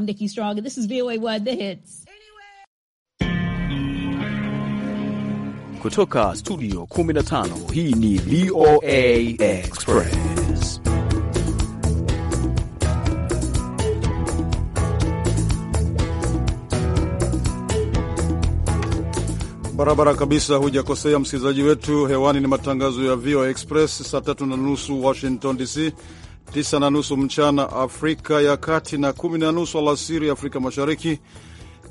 I'm Nikki Strong, and this is VOA One, The Hits. Kutoka studio 15, hii ni VOA Express. Barabara kabisa, hujakosea msikilizaji wetu. Hewani ni matangazo ya VOA Express, saa tatu na nusu Washington DC tisa na nusu mchana Afrika ya Kati na kumi na nusu alasiri Afrika Mashariki.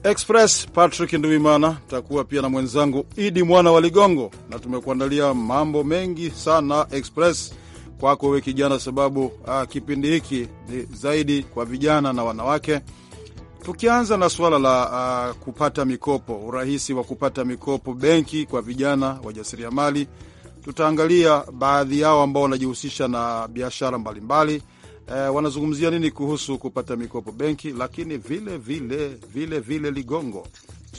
Express Patrick Nduimana takuwa pia na mwenzangu Idi Mwana wa Ligongo, na tumekuandalia mambo mengi sana Express kwako we kijana, sababu ah, kipindi hiki ni zaidi kwa vijana na wanawake, tukianza na suala la ah, kupata mikopo, urahisi wa kupata mikopo benki kwa vijana wajasiriamali tutaangalia baadhi yao ambao wanajihusisha na biashara mbalimbali eh, wanazungumzia nini kuhusu kupata mikopo benki, lakini vile vile vile vile ligongo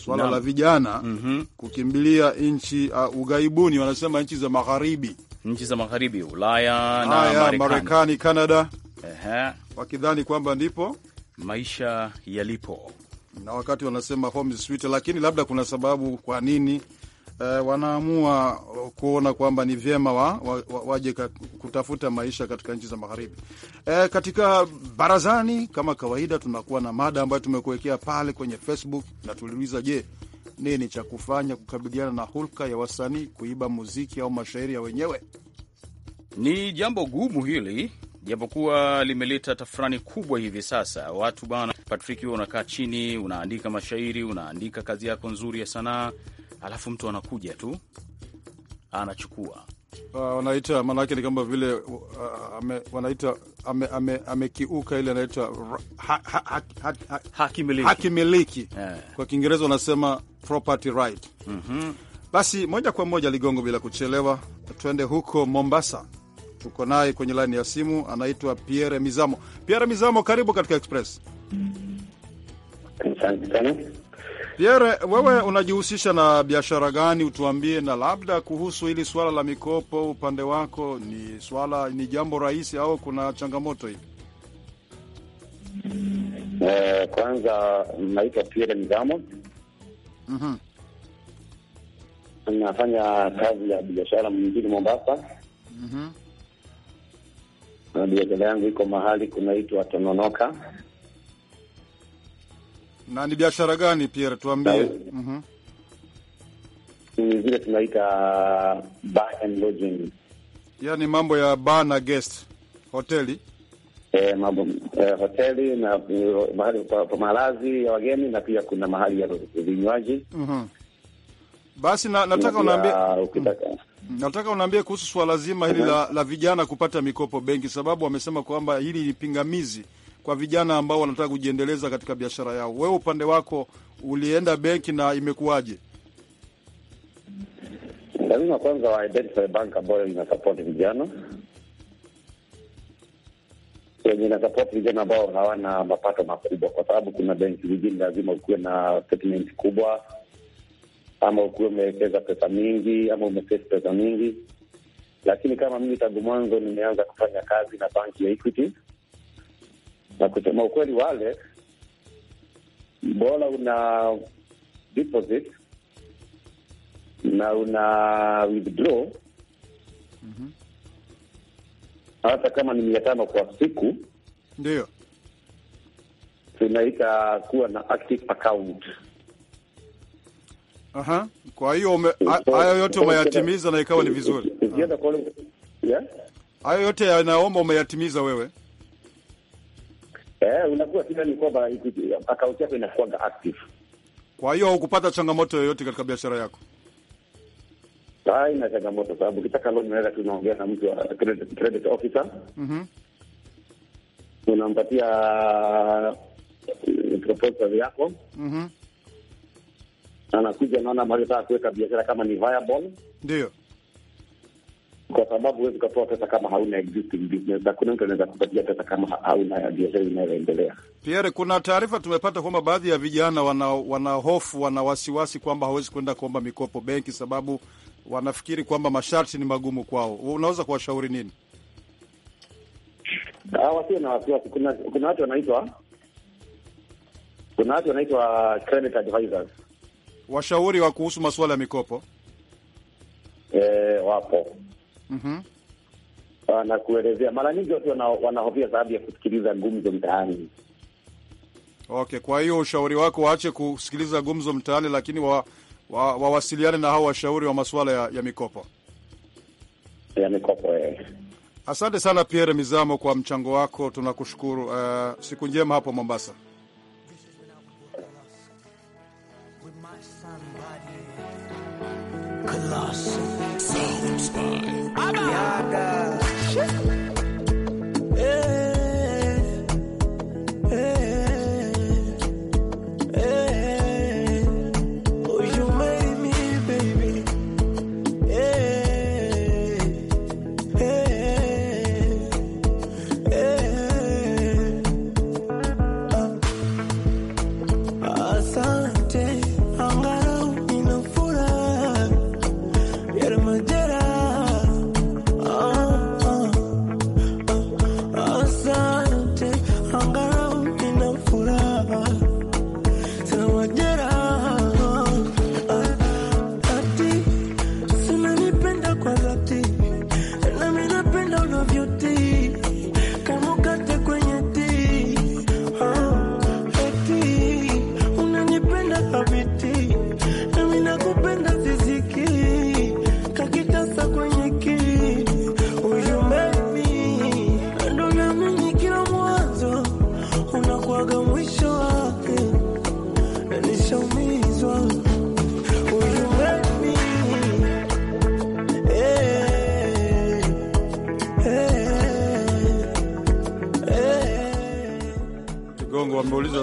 swala la vijana mm -hmm. kukimbilia nchi uh, ugaibuni, wanasema nchi za magharibi, nchi za magharibi Ulaya na Marekani, Marekani, Kanada Ehe. wakidhani kwamba ndipo maisha yalipo na wakati wanasema home sweet, lakini labda kuna sababu kwa nini eh, wanaamua kuona kwamba ni vyema wa, wa, wa, waje kutafuta maisha katika nchi za magharibi. Eh, katika barazani kama kawaida, tunakuwa na mada ambayo tumekuwekea pale kwenye Facebook na tuliuliza, je, nini cha kufanya kukabiliana na hulka ya wasanii kuiba muziki au mashairi ya wenyewe? Ni jambo gumu hili japokuwa limeleta tafurani kubwa hivi sasa. Watu bana, Patrick, huwa unakaa chini, unaandika mashairi, unaandika kazi yako nzuri ya sanaa alafu mtu anakuja tu anachukua ah, wanaita uh, maanake ni kama vile uh, ame, wanaita amekiuka ame, ame ile anaita ha, ha, ha, ha, ha, yeah. Kwa Kiingereza wanasema property right. mm -hmm. Basi moja kwa moja Ligongo, bila kuchelewa, twende huko Mombasa. Tuko naye kwenye laini ya simu, anaitwa Pierre Mizamo. Pierre Mizamo, karibu katika Express. Asante sana. Pierre, wewe unajihusisha na biashara gani? Utuambie, na labda kuhusu hili swala la mikopo, upande wako ni swala, ni jambo rahisi au kuna changamoto hii? Eh, kwanza naitwa Pierre Mzamo. mm -hmm. Nafanya kazi ya biashara mjini Mombasa. mm -hmm. Biashara yangu iko mahali kunaitwa Tononoka na ni biashara gani Pierre, tuambie. mm -hmm. Zile tunaita uh, bar and lodging, yaani mambo ya bar na guest hoteli Eh, mambo eh, hoteli na eh, mahali pa malazi ya wageni na pia kuna mahali ya vinywaji. mm Basi na, nataka unaambie mm. nataka unaambie kuhusu swala zima hili la, la vijana kupata mikopo benki, sababu wamesema kwamba hili ni pingamizi kwa vijana ambao wanataka kujiendeleza katika biashara yao. Wewe upande wako ulienda benki na imekuwaje? Lazima kwanza wa identify bank ambayo vijana wenye inasapoti vijana ambao hawana mapato makubwa, kwa sababu kuna benki zingine lazima ukuwe na statement kubwa, ama ukuwe umewekeza pesa mingi, ama umesave pesa mingi. Lakini kama mimi tangu mwanzo nimeanza kufanya kazi na banki ya Equity na kusema ukweli, wale bora una deposit na una withdraw mm -hmm. Hata kama ni mia tano kwa siku, ndio tunaita kuwa na active account. Aha, kwa hiyo hayo yote umeyatimiza na ikawa ni vizuri. Ah. Hayo yote yanaomba umeyatimiza wewe eh, unakuwa kila ni kwamba akaunti yako inakuwa active. Kwa hiyo hukupata changamoto yoyote katika biashara yako? Haina changamoto, sababu ukitaka loan unaweza tunaongea na mtu wa credit, credit officer mm -hmm. unampatia uh, proposal yako mm -hmm. anakuja naona mahali taka kuweka biashara kama ni viable, ndio kwa sababu huwezi ukapewa pesa kama hauna existing business, na kuna mtu anaweza kupatia pesa kama hauna biashara inayoendelea. Pierre, kuna taarifa tumepata kwamba baadhi ya vijana wana wana hofu, wana wasiwasi kwamba hawezi kwenda kuomba mikopo benki, sababu wanafikiri kwamba masharti ni magumu kwao. Unaweza kuwashauri nini? Ah, wasiwe na wasiwasi. Kuna kuna watu wanaitwa kuna watu wanaitwa credit advisors, washauri wa kuhusu masuala ya mikopo. E, wapo mm-hmm. wanakuelezea. Ah, Mara nyingi watu wanahofia sababu ya kusikiliza gumzo mtaani. Okay, kwa hiyo ushauri wako waache kusikiliza gumzo mtaani, lakini wa, wa, wawasiliane na hao washauri wa masuala ya, ya mikopo ya mikopo eh. Asante sana Pierre Mizamo kwa mchango wako, tunakushukuru. Uh, siku njema hapo Mombasa. Colossus. Gracias.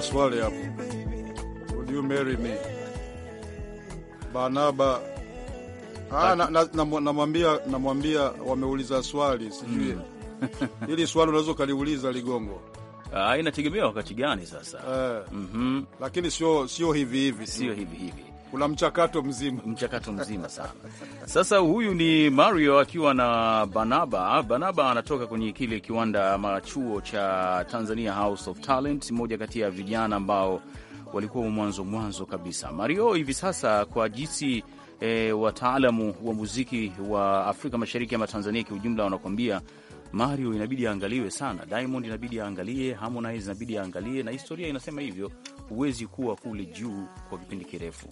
maswali hapo. Would you marry me? Barnaba ah, namwambia na, na, na, namwambia wameuliza swali sijui mm. Hili swali unaweza ukaliuliza Ligongo. Ah, inategemea wakati gani sasa. Eh, mm -hmm. Lakini sio sio hivi hivi. Sio hivi hivi kuna mchakato mzima, mchakato mzima sana. Sasa huyu ni Mario akiwa na Banaba. Banaba anatoka kwenye kile kiwanda ama chuo cha Tanzania House of Talent, moja kati ya vijana ambao walikuwa mwanzo mwanzo kabisa. Mario hivi sasa kwa jinsi e, wataalamu wa muziki wa Afrika Mashariki ama Tanzania kiujumla wanakuambia Mario inabidi aangaliwe sana, Diamond inabidi aangalie, Harmonize inabidi aangalie, na historia inasema hivyo. Huwezi kuwa kule juu kwa kipindi kirefu.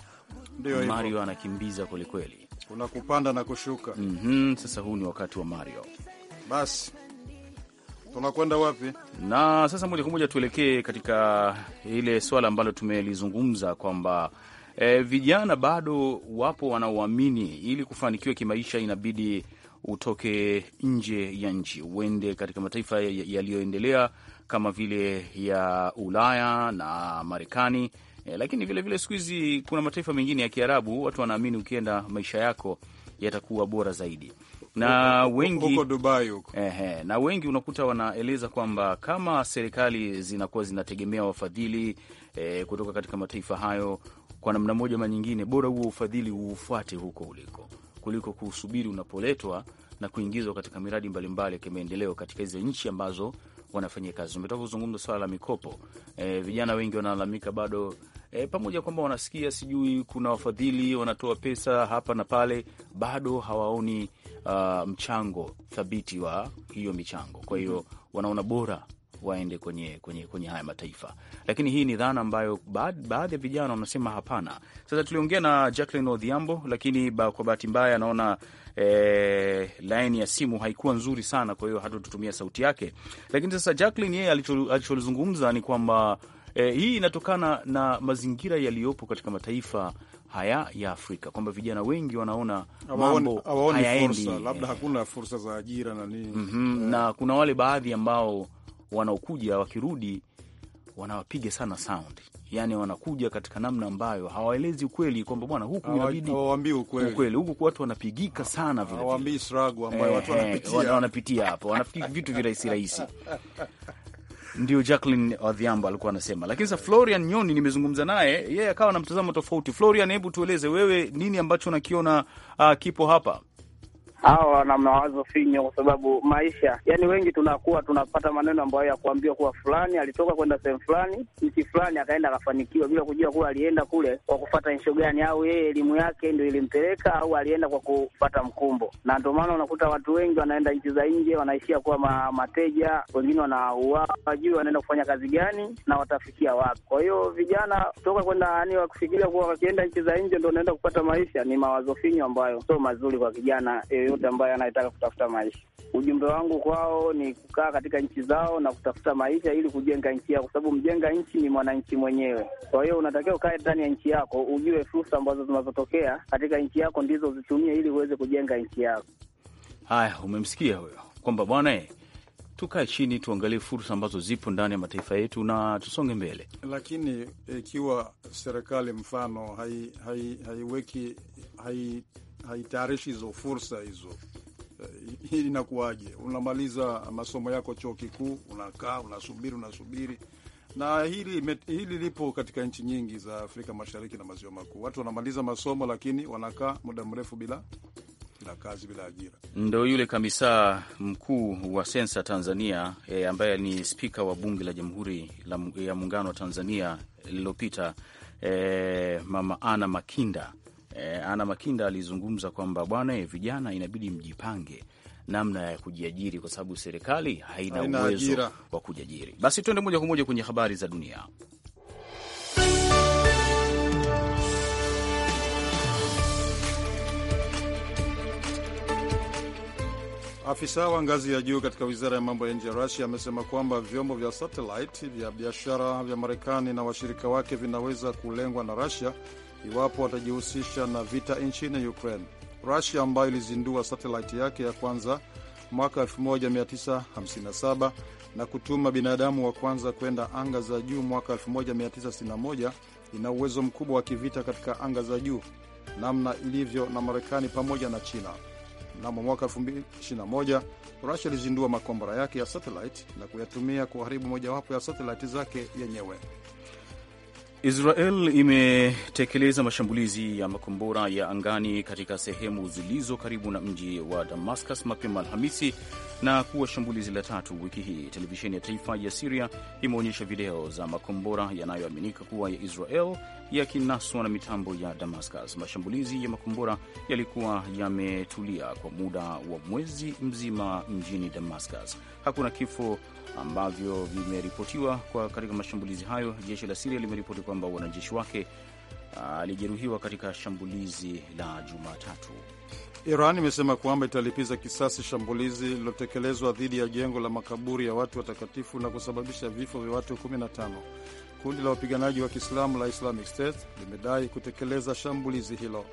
Ndiyo, Mario Anakimbiza kwelikweli, kuna kupanda na kushuka. mm -hmm. Sasa huu ni wakati wa Mario. Basi tunakwenda wapi? Na sasa moja kwa moja tuelekee katika ile swala ambalo tumelizungumza kwamba e, vijana bado wapo wanaoamini ili kufanikiwa kimaisha inabidi utoke nje ya nchi uende katika mataifa yaliyoendelea kama vile ya Ulaya na Marekani e, lakini vilevile siku hizi kuna mataifa mengine ya Kiarabu watu wanaamini ukienda maisha yako yatakuwa bora zaidi na wengi huko Dubai huko. Ehe, na wengi unakuta wanaeleza kwamba kama serikali zinakuwa zinategemea wafadhili e, kutoka katika mataifa hayo, kwa namna moja ama nyingine, bora huo ufadhili uufuate huko uliko kuliko kusubiri unapoletwa na kuingizwa katika miradi mbalimbali ya kimaendeleo katika hizo nchi ambazo wanafanyia kazi. Umetoka kuzungumza swala la mikopo e, vijana wengi wanalalamika bado e, pamoja kwamba wanasikia sijui kuna wafadhili wanatoa pesa hapa na pale, bado hawaoni uh, mchango thabiti wa hiyo michango. Kwa hiyo wanaona bora waende kwenye, kwenye, kwenye haya mataifa, lakini hii ni dhana ambayo baadhi ya vijana wanasema hapana. Sasa tuliongea na Jacqueline Odhiambo, lakini ba, kwa bahati mbaya anaona e, laini ya simu haikuwa nzuri sana, kwa hiyo hatututumia sauti yake. Lakini sasa Jacqueline yeye alicholizungumza ni kwamba E, hii inatokana na mazingira yaliyopo katika mataifa haya ya Afrika kwamba vijana wengi wanaona mambo hayaendi, labda hakuna fursa za ajira na nini mm -hmm. Eh, na kuna wale baadhi ambao wanaokuja wakirudi wanawapiga sana sound, yani wanakuja katika namna ambayo hawaelezi ukweli kwamba bwana, huku inabidi hawaambii ukweli, huku watu wanapigika sana vile, hawaambii sragu ambayo eh, watu eh, wanapitia hapo, wanafikiri vitu virahisi rahisi ndio Jacqueline Odhiambo alikuwa anasema. Lakini sasa Florian Nyoni nimezungumza naye, yeye yeah, akawa na mtazamo tofauti. Florian, hebu tueleze wewe nini ambacho unakiona uh, kipo hapa hawa wana mawazo finyo, kwa sababu maisha, yani wengi tunakuwa tunapata maneno ambayo ya kuambiwa kuwa fulani alitoka kwenda sehemu fulani nchi fulani akaenda akafanikiwa, bila kujua kuwa alienda kule kwa kufata nsho gani, au yeye elimu yake ndio ilimpeleka, au alienda kwa kufata mkumbo. Na ndio maana unakuta watu wengi wanaenda nchi za nje, wanaishia kuwa ma, mateja, wengine wanauawa, wajui wanaenda kufanya kazi gani na watafikia wapi. Kwa hiyo vijana kutoka kwenda yani, wakufikiria kuwa wakienda nchi za nje ndio wanaenda kupata maisha, ni mawazo finyo ambayo sio mazuri kwa kijana yoyote yoyote ambaye anayetaka kutafuta maisha. Ujumbe wangu kwao ni kukaa katika nchi zao na kutafuta maisha ili kujenga nchi yao, kwa sababu mjenga nchi ni mwananchi mwenyewe. Kwa hiyo unatakiwa ukae ndani ya nchi yako, ujue fursa ambazo zinazotokea katika nchi yako ndizo zitumie ili uweze kujenga nchi yako. Haya, umemsikia huyo kwamba bwana tukae chini tuangalie fursa ambazo zipo ndani ya mataifa yetu na tusonge mbele. Lakini ikiwa serikali mfano haiweki hai, hai haitayarishi hizo fursa hizo. Eh, hii inakuwaje? Unamaliza masomo yako chuo kikuu, unakaa unasubiri, unasubiri na hili, hili lipo katika nchi nyingi za Afrika Mashariki na maziwa makuu. Watu wanamaliza masomo lakini wanakaa muda mrefu bila bila kazi, bila ajira. Ndo yule kamisa mkuu wa sensa Tanzania e, ambaye ni spika wa bunge la Jamhuri ya Muungano wa Tanzania lililopita, e, Mama Ana Makinda e, eh, Ana Makinda alizungumza kwamba bwana, eh, vijana inabidi mjipange namna ya kujiajiri kwa sababu serikali haina, haina uwezo wa kujiajiri. Basi tuende moja kwa moja kwenye habari za dunia. Afisa wa ngazi ya juu katika wizara ya mambo ya nje ya Rusia amesema kwamba vyombo vya satelaiti vya biashara vya Marekani na washirika wake vinaweza kulengwa na Rusia iwapo watajihusisha na vita nchini Ukraine. Rusia ambayo ilizindua satelaiti yake ya kwanza mwaka 1957 na kutuma binadamu wa kwanza kwenda anga za juu mwaka 1961 ina uwezo mkubwa wa kivita katika anga za juu namna ilivyo na Marekani pamoja na China. Mnamo mwaka 2021 Rusia ilizindua makombora yake ya satelaiti na kuyatumia kuharibu mojawapo ya satelaiti zake yenyewe. Israel imetekeleza mashambulizi ya makombora ya angani katika sehemu zilizo karibu na mji wa Damascus mapema Alhamisi na kuwa shambulizi la tatu wiki hii, televisheni ya taifa ya Siria imeonyesha video za makombora yanayoaminika kuwa ya Israel yakinaswa na mitambo ya Damascus. Mashambulizi ya makombora yalikuwa yametulia kwa muda wa mwezi mzima mjini Damascus. Hakuna kifo ambavyo vimeripotiwa katika mashambulizi hayo. Jeshi la Siria limeripoti kwamba wanajeshi wake ah, alijeruhiwa katika shambulizi la Jumatatu. Iran imesema kwamba italipiza kisasi shambulizi lililotekelezwa dhidi ya jengo la makaburi ya watu watakatifu na kusababisha vifo vya watu 15. Kundi la wapiganaji wa Kiislamu la Islamic State limedai kutekeleza shambulizi hilo.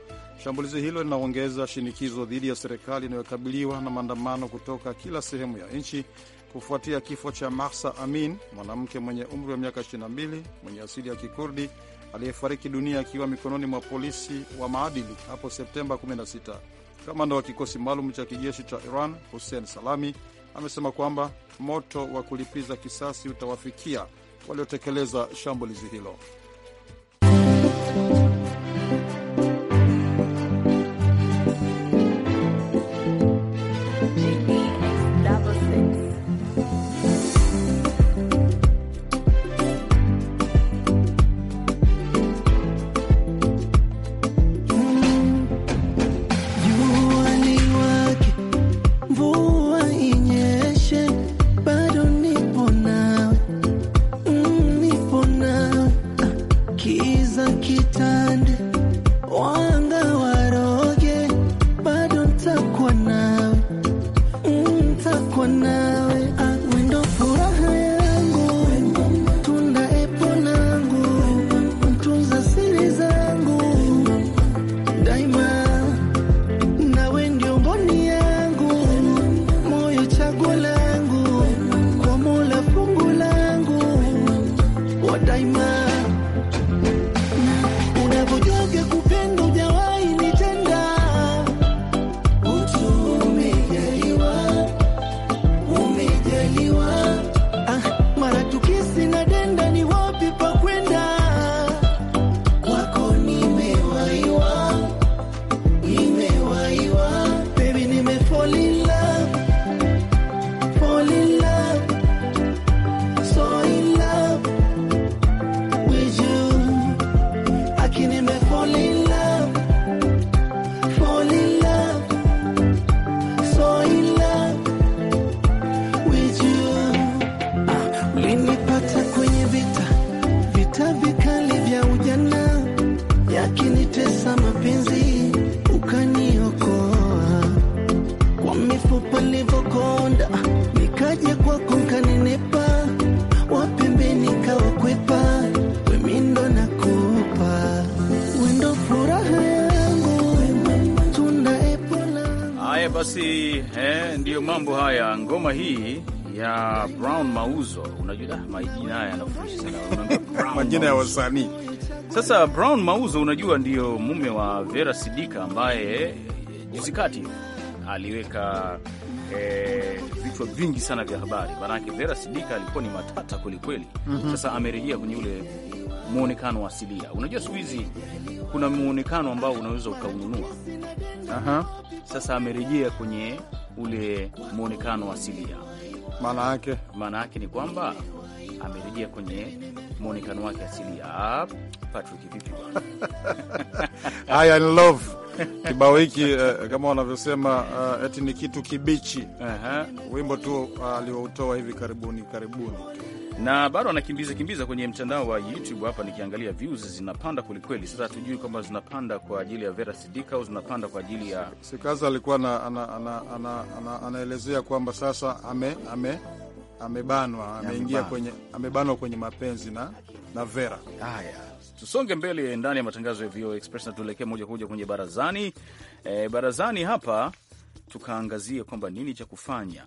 Shambulizi hilo linaongeza shinikizo dhidi ya serikali inayokabiliwa na maandamano kutoka kila sehemu ya nchi kufuatia kifo cha Mahsa Amin, mwanamke mwenye umri wa miaka 22 mwenye asili ya Kikurdi aliyefariki dunia akiwa mikononi mwa polisi wa maadili hapo Septemba 16. Kamanda wa kikosi maalum cha kijeshi cha Iran Hussein Salami amesema kwamba moto wa kulipiza kisasi utawafikia waliotekeleza shambulizi hilo. majina haya yanafurahisha sana, majina ya wasanii. Sasa Brown Mauzo, unajua ndiyo mume wa Vera Sidika ambaye eh, juzi kati aliweka vichwa eh, vichwa vingi sana vya habari, maanake Vera Sidika alikuwa ni matata kwelikweli. mm -hmm. Sasa amerejea kwenye ule mwonekano wa asilia. Unajua siku hizi kuna mwonekano ambao unaweza ukaununua. -huh. Sasa amerejea kwenye ule mwonekano wa asilia. Maana yake maana yake ni kwamba amerejea kwenye mwonekano wake asili. Patrick, vipi bwana? love kibao hiki uh, kama wanavyosema uh, eti ni kitu kibichi uh -huh. Wimbo tu eh, alioutoa uh, hivi karibuni karibuni na bado anakimbiza kimbiza kwenye mtandao wa YouTube. Hapa nikiangalia views zinapanda kwelikweli. Sasa hatujui kwamba zinapanda kwa ajili ya Vera Sidika au zinapanda kwa ajili ya Sikaza. Alikuwa anaelezea ana, ana, ana, ana, ana kwamba sasa ame, ame amebanwa, ameingia kwenye, amebanwa kwenye mapenzi na, na Vera. Haya, tusonge mbele ndani ya matangazo ya VOA Express na tuelekee moja kwa moja kwenye barazani. E, barazani hapa tukaangazia kwamba nini cha kufanya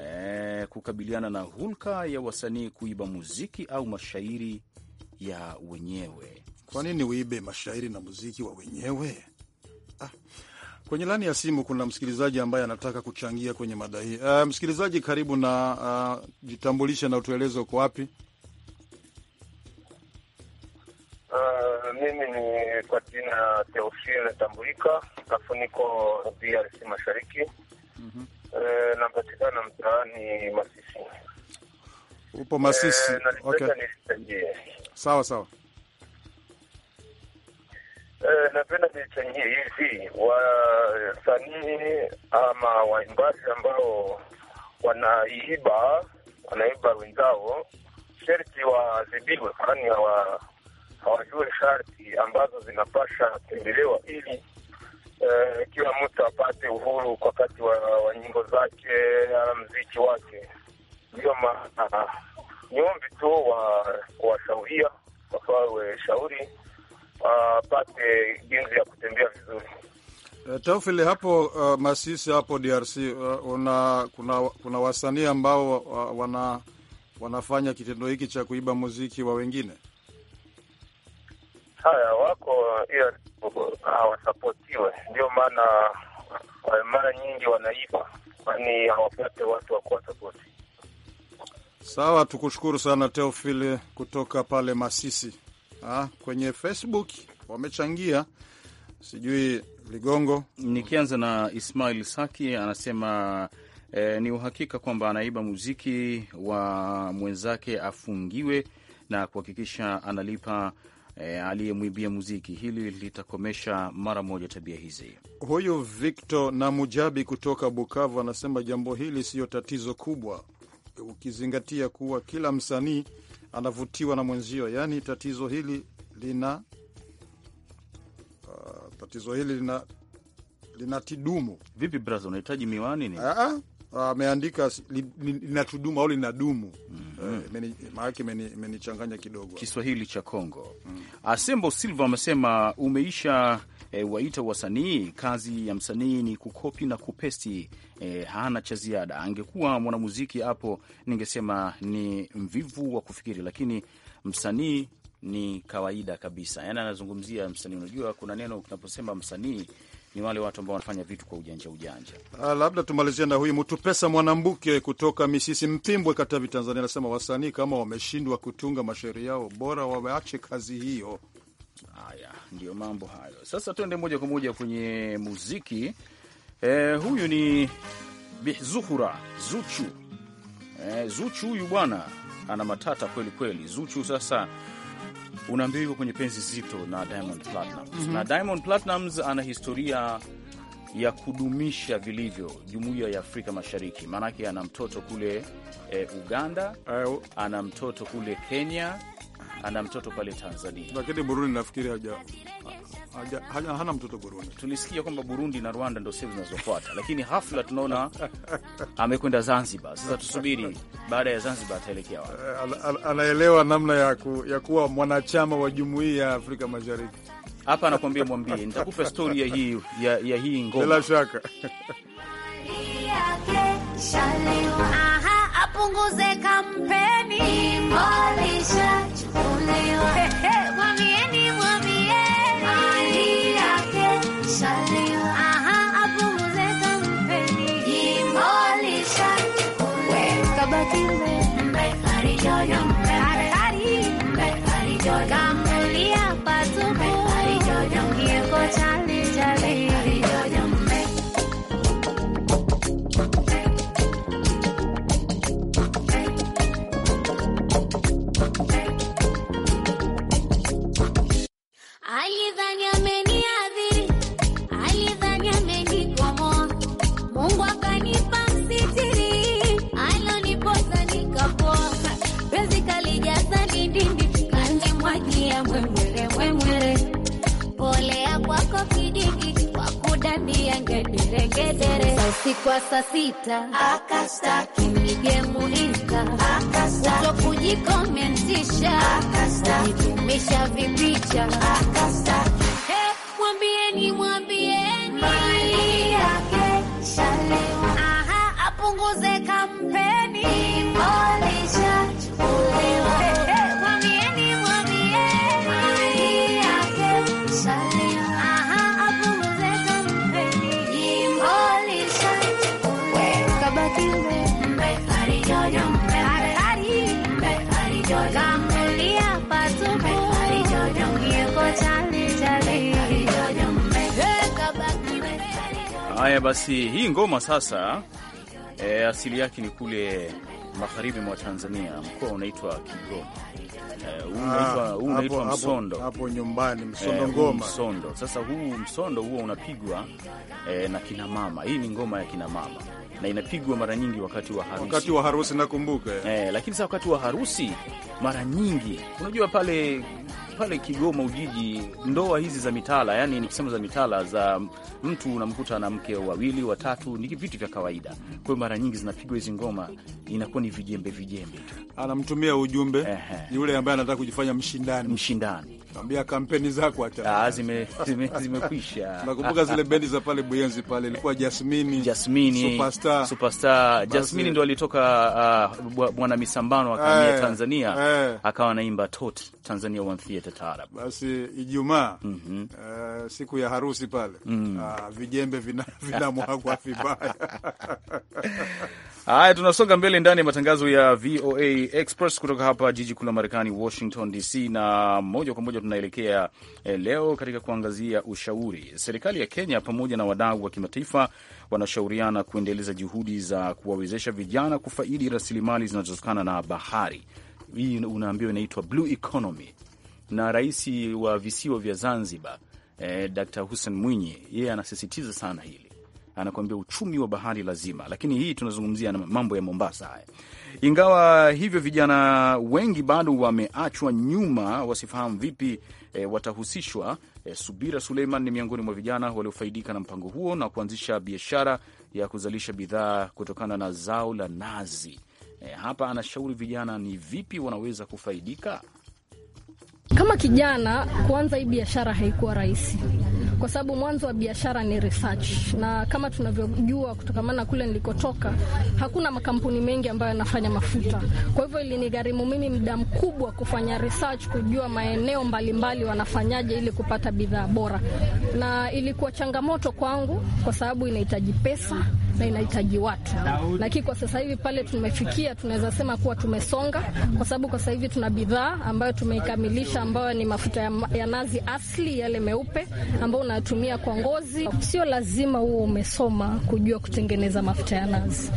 e, kukabiliana na hulka ya wasanii kuiba muziki au mashairi ya wenyewe. Kwa nini uibe mashairi na muziki wa wenyewe? ah. Kwenye laini ya simu kuna msikilizaji ambaye anataka kuchangia kwenye mada hii. Uh, msikilizaji karibu na uh, jitambulishe na utueleze uko wapi? Uh, mimi ni kwa jina Teofile Tambulika, alafu niko DRC Mashariki. Uh, napatikana mtaani Masisi. Upo Masisi? Uh, okay. Sawa sawa E, napenda nichangie hivi wasanii eh, ama waimbaji ambao wanaiba wanaiba wenzao, sharti waadhibiwe, kwani hawajue sharti ambazo zinapasha tembelewa ili e, kila mtu apate uhuru kwa kati wa, wa nyimbo zake na mziki wake. Ndio maana niombi tu washauria wa wapawe shauri wapate jinsi ya kutembea vizuri. Eh, Teofile, hapo uh, Masisi hapo DRC uh, eh, una, kuna, kuna wasanii ambao uh, wana, wanafanya kitendo hiki cha kuiba muziki wa wengine. Haya, wako hawasapotiwe, ndio maana mara nyingi wanaiba, kwani hawapate watu wa kuwasapoti. Sawa, tukushukuru sana Teofile kutoka pale Masisi ah, kwenye Facebook wamechangia sijui Ligongo. Nikianza na Ismail Saki anasema eh, ni uhakika kwamba anaiba muziki wa mwenzake afungiwe na kuhakikisha analipa E, aliyemwibia muziki. Hili litakomesha mara moja tabia hizi. Huyu Victor na Mujabi kutoka Bukavu anasema jambo hili siyo tatizo kubwa, ukizingatia kuwa kila msanii anavutiwa na mwenzio. Yaani tatizo hili lina uh, tatizo hili lina linatidumu vipi? Braza, unahitaji miwani ni ah, ah, ameandika linatudumu au linadumu. Mhm. Eh, maanake imenichanganya kidogo Kiswahili cha Kongo. Mm. Asembo Silva amesema umeisha e, waita wasanii, kazi ya msanii ni kukopi na kupesti e, hana cha ziada. Angekuwa mwanamuziki hapo, ningesema ni mvivu wa kufikiri, lakini msanii ni kawaida kabisa. Yani anazungumzia msanii, unajua kuna neno tunaposema msanii ni wale watu ambao wanafanya vitu kwa ujanja ujanja. Ah, labda tumalizie na huyu mtu pesa Mwanambuke kutoka Misisi Mpimbwe, Katavi, Tanzania, anasema wasanii kama wameshindwa kutunga mashairi yao, bora waache kazi hiyo. Haya ndio mambo hayo. Sasa tuende moja kwa moja kwenye muziki. E, huyu ni Bihzuhura Zuchu. E, Zuchu huyu bwana ana matata kweli kweli. Zuchu sasa unaambiwa hivyo kwenye penzi zito na Diamond Platnumz. Mm -hmm. Na Diamond Platnumz ana historia ya kudumisha vilivyo jumuiya ya Afrika Mashariki, maanake ana mtoto kule e, Uganda, ana mtoto kule Kenya ana mtoto pale Tanzania, lakini Burundi nafikiri haja, haja, haja, hana mtoto Burundi. Tulisikia kwamba Burundi na Rwanda ndio sehemu zinazofuata, lakini hafla tunaona amekwenda Zanzibar. Sasa tusubiri baada ya Zanzibar ataelekea wapi? Eh, anaelewa namna ya, ku, ya kuwa mwanachama wa jumuiya ya Afrika Mashariki. Hapa anakuambia mwambie, nitakupa stori ya hii ya, ya hii ngoma bila shaka apunguze kampeni Hey, hey. Kwa saa sita akastaki mpige muhika kutokujikommentisha, kutumisha vipicha akastaki Haya basi, hii ngoma sasa e, asili yake ni kule magharibi mwa Tanzania, mkoa unaitwa Kigoma. E, huu ah, unaitwa msondo, hapo nyumbani e, msondo ngoma. Msondo sasa, huu msondo huo unapigwa e, na kina mama. Hii ni ngoma ya kina mama na inapigwa mara nyingi wakati wa harusi, wakati wa harusi nakumbuka eh. Lakini sasa wakati wa harusi mara nyingi, unajua pale pale Kigoma Ujiji, ndoa hizi za mitala, yani nikisema za mitala, za mtu unamkuta na mke wawili watatu, ni vitu vya kawaida. Kwa hiyo mara nyingi zinapigwa hizi ngoma, inakuwa ni vijembe vijembe, anamtumia ujumbe yule ambaye anataka kujifanya mshindani mshindani Naambia kampeni zako hata Ah, zime zimekwisha. Nakumbuka zile bendi za pale Buyenzi pale ilikuwa Jasmine, Jasmine, Superstar, Superstar. Jasmine ndio alitoka uh, bwana Misambano akahamia eh, Tanzania eh. akawa naimba tot Tanzania One Theater Taarab. Basi Ijumaa mm -hmm. uh, siku ya harusi pale mm. uh, vijembe vina vinamwagwa vibaya. Haya, tunasonga mbele ndani ya matangazo ya VOA Express kutoka hapa jiji kuu la Marekani Washington DC, na moja kwa moja tunaelekea eh, leo katika kuangazia ushauri. Serikali ya Kenya pamoja na wadau wa kimataifa wanashauriana kuendeleza juhudi za kuwawezesha vijana kufaidi rasilimali zinazotokana na bahari. Hii unaambiwa inaitwa blue economy, na rais wa visiwa vya Zanzibar eh, Dr. Hussein Mwinyi yeye anasisitiza sana hili, anakuambia uchumi wa bahari lazima, lakini hii tunazungumzia mambo ya Mombasa haya ingawa hivyo, vijana wengi bado wameachwa nyuma, wasifahamu vipi e, watahusishwa. E, Subira Suleiman ni miongoni mwa vijana waliofaidika na mpango huo na kuanzisha biashara ya kuzalisha bidhaa kutokana na zao la nazi. E, hapa anashauri vijana ni vipi wanaweza kufaidika. Kama kijana, kuanza hii biashara haikuwa rahisi kwa sababu mwanzo wa biashara ni research, na kama tunavyojua kutokamana kule nilikotoka, hakuna makampuni mengi ambayo yanafanya mafuta. Kwa hivyo ilinigharimu mimi muda mkubwa kufanya research, kujua maeneo mbalimbali wanafanyaje ili kupata bidhaa bora, na ilikuwa changamoto kwangu kwa sababu inahitaji pesa na inahitaji watu, lakini kwa sasa hivi pale tumefikia, tunaweza sema kuwa tumesonga, kwa sababu kwa sasa hivi tuna bidhaa ambayo tumeikamilisha ambayo ni mafuta ya, ya nazi asli yale meupe ambayo unatumia kwa ngozi. Sio lazima huo umesoma kujua kutengeneza mafuta ya nazi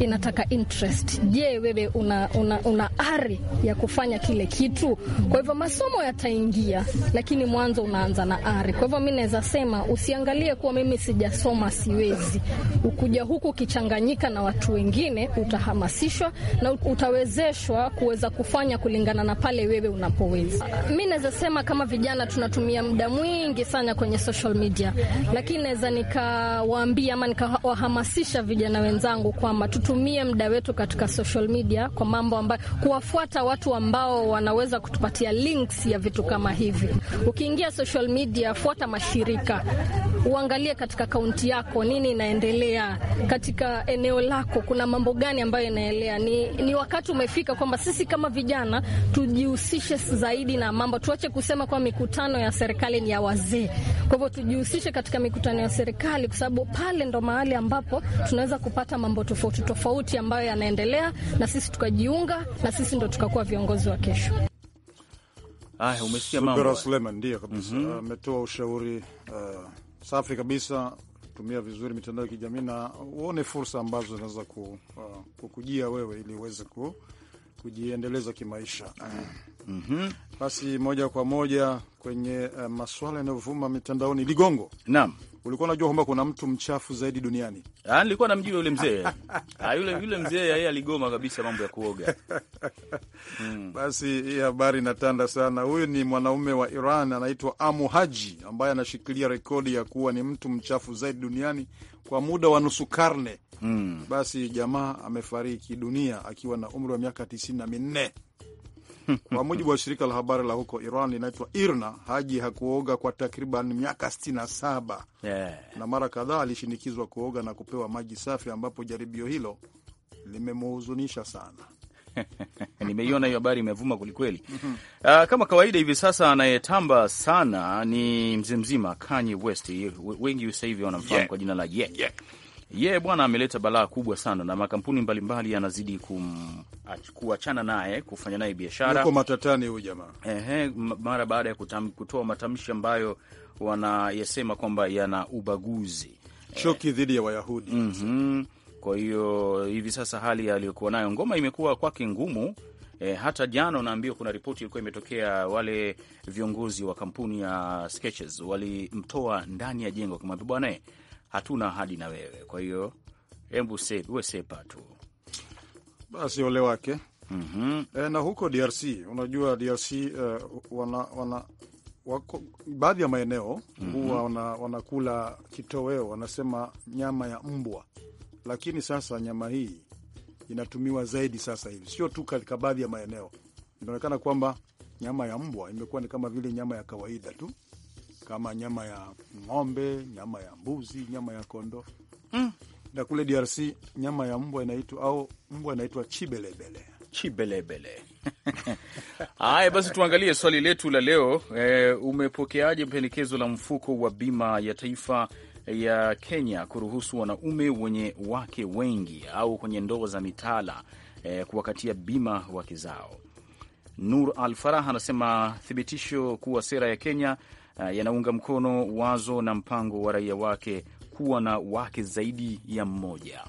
inataka interest. Je, wewe una, una, una ari ya kufanya kile kitu? Kwa hivyo masomo yataingia, lakini mwanzo unaanza na ari. Kwa hivyo mi naweza sema usiangalie kuwa mimi sijasoma siwezi. Ukuja huku ukichanganyika na watu wengine, utahamasishwa na utawezeshwa kuweza kufanya kulingana na pale wewe unapoweza. Mi naweza sema kama vijana tunatumia muda mwingi sana kwenye social media, lakini naweza nikawaambia ama nikawahamasisha vijana wenzangu kwamba tutu tutumie muda wetu katika social media kwa mambo ambayo, kuwafuata watu ambao wanaweza kutupatia links ya vitu kama hivi. Ukiingia social media, fuata mashirika uangalie katika kaunti yako nini inaendelea, katika eneo lako kuna mambo gani ambayo inaelea. Ni, ni wakati umefika kwamba sisi kama vijana tujihusishe zaidi na mambo, tuache kusema kwa mikutano ya serikali ni ya wazee. Kwa hivyo tujihusishe katika mikutano ya serikali, kwa sababu pale ndo mahali ambapo tunaweza kupata mambo tofauti tofauti ambayo yanaendelea, na sisi tukajiunga, na sisi ndo tukakuwa viongozi wa kesho. Umesikia mambo Suleiman, ndio kabisa mhm. ametoa ushauri uh, Safi kabisa, tumia vizuri mitandao ya kijamii na uone fursa ambazo zinaweza ku, uh, kukujia wewe ili uweze ku, kujiendeleza kimaisha. mm -hmm. Basi moja kwa moja kwenye uh, maswala yanayovuma mitandaoni. Ligongo, naam, ulikuwa unajua kwamba kuna mtu mchafu zaidi duniani? Ah, nilikuwa namjua yule mzee ah, yule yule mzee, yeye aligoma kabisa mambo ya kuoga hmm. Basi hii habari inatanda sana. Huyu ni mwanaume wa Iran anaitwa Amu Haji ambaye anashikilia rekodi ya kuwa ni mtu mchafu zaidi duniani kwa muda wa nusu karne hmm. Basi jamaa amefariki dunia akiwa na umri wa miaka tisini na minne. Kwa mujibu wa shirika la habari la huko Iran linaitwa IRNA, Haji hakuoga kwa takriban miaka 67 yeah. na mara kadhaa alishinikizwa kuoga na kupewa maji safi, ambapo jaribio hilo limemhuzunisha sana. Nimeiona hiyo habari imevuma kwelikweli. Uh, kama kawaida hivi sasa anayetamba sana ni mzee mzima Kanye West. Wengi sasa hivi wanamfahamu yeah. kwa jina la yeah. yeah yeye bwana ameleta balaa kubwa sana, na makampuni mbalimbali yanazidi kuachana naye kufanya naye biashara. Yuko matatani huyu jamaa ehe, mara baada ya kutoa matamshi ambayo wanayasema kwamba yana ubaguzi, eh, dhidi ya Wayahudi. mm -hmm. Kwa hiyo hivi sasa hali aliyokuwa nayo Ngoma imekuwa kwake ngumu. E, hata jana unaambiwa kuna ripoti ilikuwa imetokea, wale viongozi wa kampuni ya Skechers walimtoa ndani ya jengo, akimwambia bwana, hatuna ahadi na wewe, kwa hiyo hebu uwe sepa tu basi, ole wake. mm -hmm. E, na huko DRC unajua DRC uh, eh, wana, wana wako baadhi ya maeneo mm huwa wanakula wana, wanakula kitoweo, wanasema nyama ya mbwa, lakini sasa nyama hii inatumiwa zaidi sasa hivi, sio tu katika baadhi ya maeneo. Inaonekana kwamba nyama ya mbwa imekuwa ni kama vile nyama ya kawaida tu kama nyama ya ng'ombe, nyama ya mbuzi, nyama ya kondo mm. Na kule DRC nyama ya mbwa inaitwa au mbwa inaitwa chibelebele, chibelebele. Haya basi, tuangalie swali letu la leo. E, umepokeaje pendekezo la mfuko wa bima ya taifa ya Kenya kuruhusu wanaume wenye wake wengi au kwenye ndoa za mitala e, eh, kuwakatia bima wake zao? Nur Al Farah anasema thibitisho kuwa sera ya Kenya Uh, yanaunga mkono wazo na mpango wa raia wake kuwa na wake zaidi ya mmoja.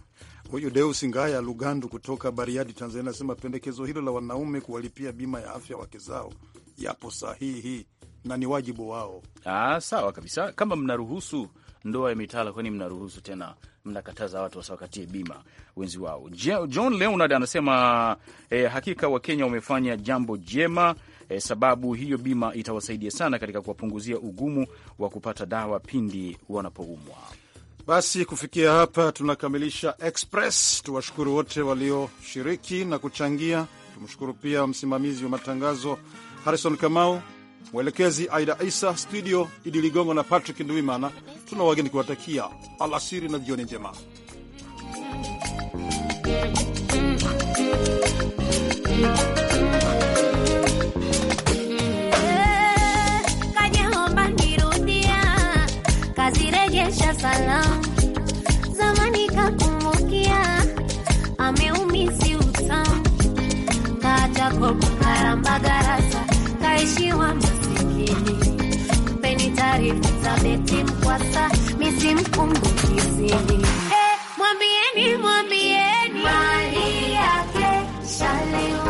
Huyu Deus Ngaya Lugandu kutoka Bariadi, Tanzania, anasema pendekezo hilo la wanaume kuwalipia bima ya afya wake zao yapo sahihi na ni wajibu wao. Aa, ah, sawa kabisa. Kama mnaruhusu ndoa ya mitala, kwani mnaruhusu tena, mnakataza watu wasawakatie bima wenzi wao? John Leonard anasema eh, hakika Wakenya wamefanya jambo jema eh, sababu hiyo bima itawasaidia sana katika kuwapunguzia ugumu wa kupata dawa pindi wanapoumwa. Basi kufikia hapa tunakamilisha Express. Tuwashukuru wote walioshiriki na kuchangia. Tumshukuru pia msimamizi wa matangazo Harrison Kamau, mwelekezi Aida Isa, studio Idi Ligongo na Patrick Ndwimana. Tuna wageni kuwatakia alasiri na jioni njema. Mm-hmm. kesha salamu, zamani kakumbukia, ameumizi utamu, kaachako kungarambagarasa, kaishiwa masikini, mpeni taarifa za beti mkwasa, misimkumbuki eh, mwambieni mwambieni mali yake shale